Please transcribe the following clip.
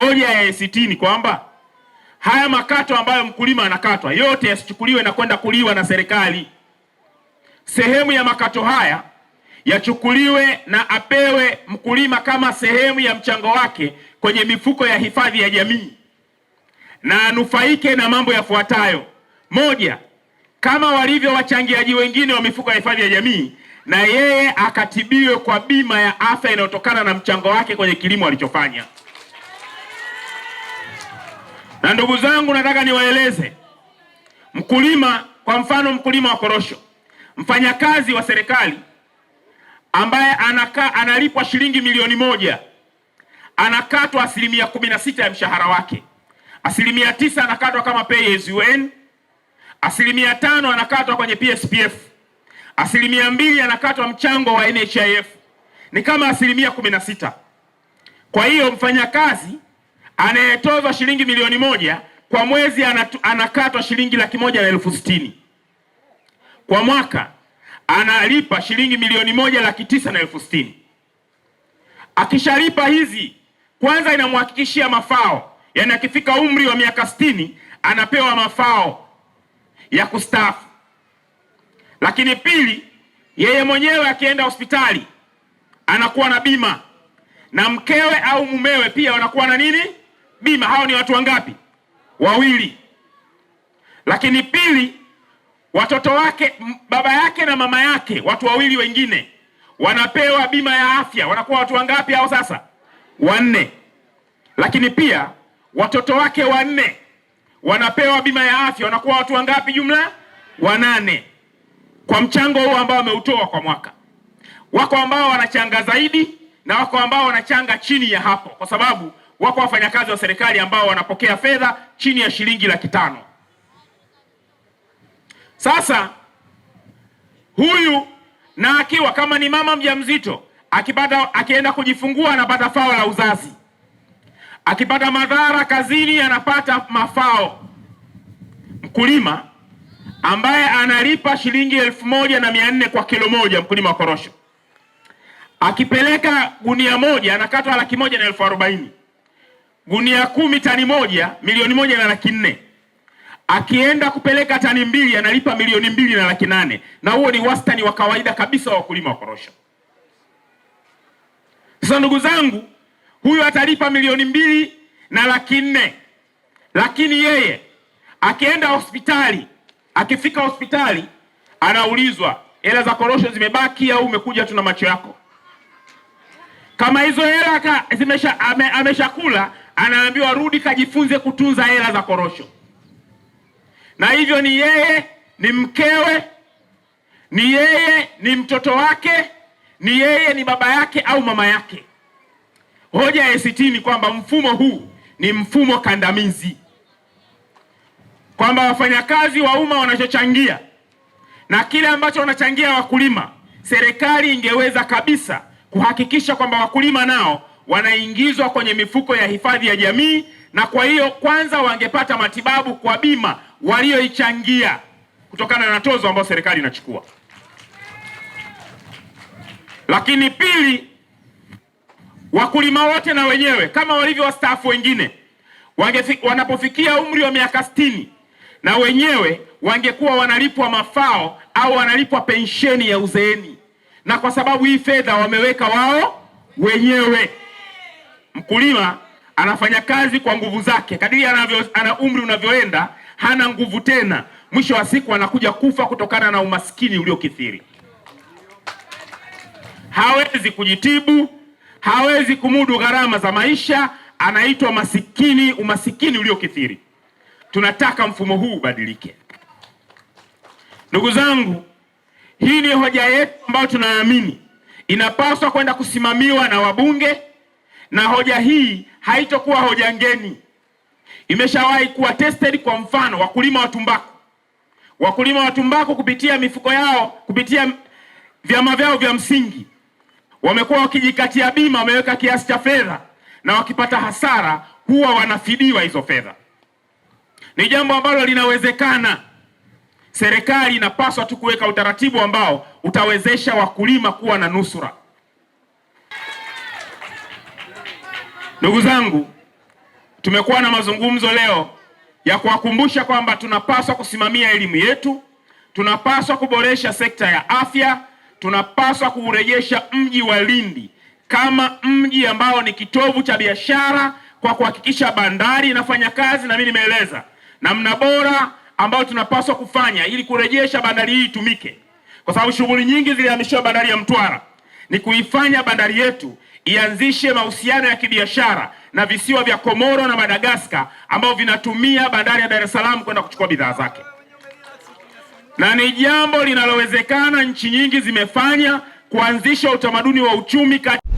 Hoja ya ACT ni kwamba haya makato ambayo mkulima anakatwa yote yasichukuliwe na kwenda kuliwa na serikali. Sehemu ya makato haya yachukuliwe na apewe mkulima kama sehemu ya mchango wake kwenye mifuko ya hifadhi ya jamii na anufaike na mambo yafuatayo: moja, kama walivyo wachangiaji wengine wa mifuko ya hifadhi ya jamii, na yeye akatibiwe kwa bima ya afya inayotokana na mchango wake kwenye kilimo alichofanya. Na ndugu zangu, nataka niwaeleze mkulima, kwa mfano mkulima wa korosho, mfanyakazi wa serikali ambaye anakaa analipwa shilingi milioni moja anakatwa asilimia kumi na sita ya mshahara wake, asilimia tisa anakatwa kama pay as you earn, asilimia tano anakatwa kwenye PSPF, asilimia mbili anakatwa mchango wa NHIF, ni kama asilimia kumi na sita. Kwa hiyo mfanyakazi anayetozwa shilingi milioni moja kwa mwezi anatu, anakatwa shilingi laki moja na elfu sitini kwa mwaka analipa shilingi milioni moja laki tisa na elfu sitini Akishalipa hizi kwanza, inamhakikishia mafao, yani akifika umri wa miaka sitini anapewa mafao ya kustaafu. Lakini pili, yeye mwenyewe akienda hospitali anakuwa na bima na mkewe au mumewe pia wanakuwa na nini bima, hao ni watu wangapi? Wawili. Lakini pili, watoto wake, baba yake na mama yake, watu wawili wengine wanapewa bima ya afya, wanakuwa watu wangapi hao sasa? Wanne. Lakini pia watoto wake wanne wanapewa bima ya afya, wanakuwa watu wangapi jumla? Wanane, kwa mchango huo ambao wameutoa kwa mwaka. Wako ambao wanachanga zaidi na wako ambao wanachanga chini ya hapo, kwa sababu wako wafanyakazi wa serikali ambao wanapokea fedha chini ya shilingi laki tano. Sasa huyu na akiwa kama ni mama mjamzito akipata akienda kujifungua anapata fao la uzazi, akipata madhara kazini anapata mafao. Mkulima ambaye analipa shilingi elfu moja na mia nne kwa kilo moja, mkulima wa korosho akipeleka gunia moja anakatwa laki moja na elfu arobaini gunia kumi tani moja milioni moja na laki nne akienda kupeleka tani mbili analipa milioni mbili na laki nane na huo ni wastani wa kawaida kabisa wa wakulima wa korosho. Sasa ndugu zangu, huyu atalipa milioni mbili na laki nne, lakini yeye akienda hospitali, akifika hospitali anaulizwa hela za korosho zimebaki au umekuja tu na macho yako? Kama hizo hela ameshakula, anaambiwa rudi kajifunze kutunza hela za korosho, na hivyo ni yeye, ni mkewe, ni yeye, ni mtoto wake, ni yeye, ni baba yake au mama yake. Hoja ya ACT ni kwamba mfumo huu ni mfumo kandamizi, kwamba wafanyakazi wa umma wanachochangia na kile ambacho wanachangia wakulima, serikali ingeweza kabisa kuhakikisha kwamba wakulima nao wanaingizwa kwenye mifuko ya hifadhi ya jamii, na kwa hiyo kwanza wangepata matibabu kwa bima walioichangia kutokana na tozo ambayo serikali inachukua. Lakini pili, wakulima wote na wenyewe kama walivyo wastaafu wengine wanapofikia umri wa miaka sitini na wenyewe wangekuwa wanalipwa mafao au wanalipwa pensheni ya uzeeni, na kwa sababu hii fedha wameweka wao wenyewe. Mkulima anafanya kazi kwa nguvu zake, kadiri anavyo ana umri unavyoenda hana nguvu tena, mwisho wa siku anakuja kufa kutokana na umaskini uliokithiri. Hawezi kujitibu, hawezi kumudu gharama za maisha, anaitwa masikini, umasikini uliokithiri. Tunataka mfumo huu ubadilike. Ndugu zangu, hii ni hoja yetu ambayo tunaamini inapaswa kwenda kusimamiwa na wabunge na hoja hii haitokuwa hoja ngeni, imeshawahi kuwa tested. Kwa mfano wakulima wa tumbaku, wakulima wa tumbaku kupitia mifuko yao, kupitia vyama vyao vya msingi wamekuwa wakijikatia bima, wameweka kiasi cha fedha, na wakipata hasara huwa wanafidiwa hizo fedha. Ni jambo ambalo linawezekana. Serikali inapaswa tu kuweka utaratibu ambao utawezesha wakulima kuwa na nusura. Ndugu zangu, tumekuwa na mazungumzo leo ya kuwakumbusha kwamba tunapaswa kusimamia elimu yetu, tunapaswa kuboresha sekta ya afya, tunapaswa kuurejesha mji wa Lindi kama mji ambao ni kitovu cha biashara kwa kuhakikisha bandari inafanya kazi, na mimi nimeeleza namna bora ambayo tunapaswa kufanya ili kurejesha bandari hii itumike, kwa sababu shughuli nyingi zilihamishiwa bandari ya Mtwara ni kuifanya bandari yetu ianzishe mahusiano ya kibiashara na visiwa vya Komoro na Madagaskar ambao vinatumia bandari ya Dar es Salaam kwenda kuchukua bidhaa zake, na ni jambo linalowezekana. Nchi nyingi zimefanya kuanzisha utamaduni wa uchumi kati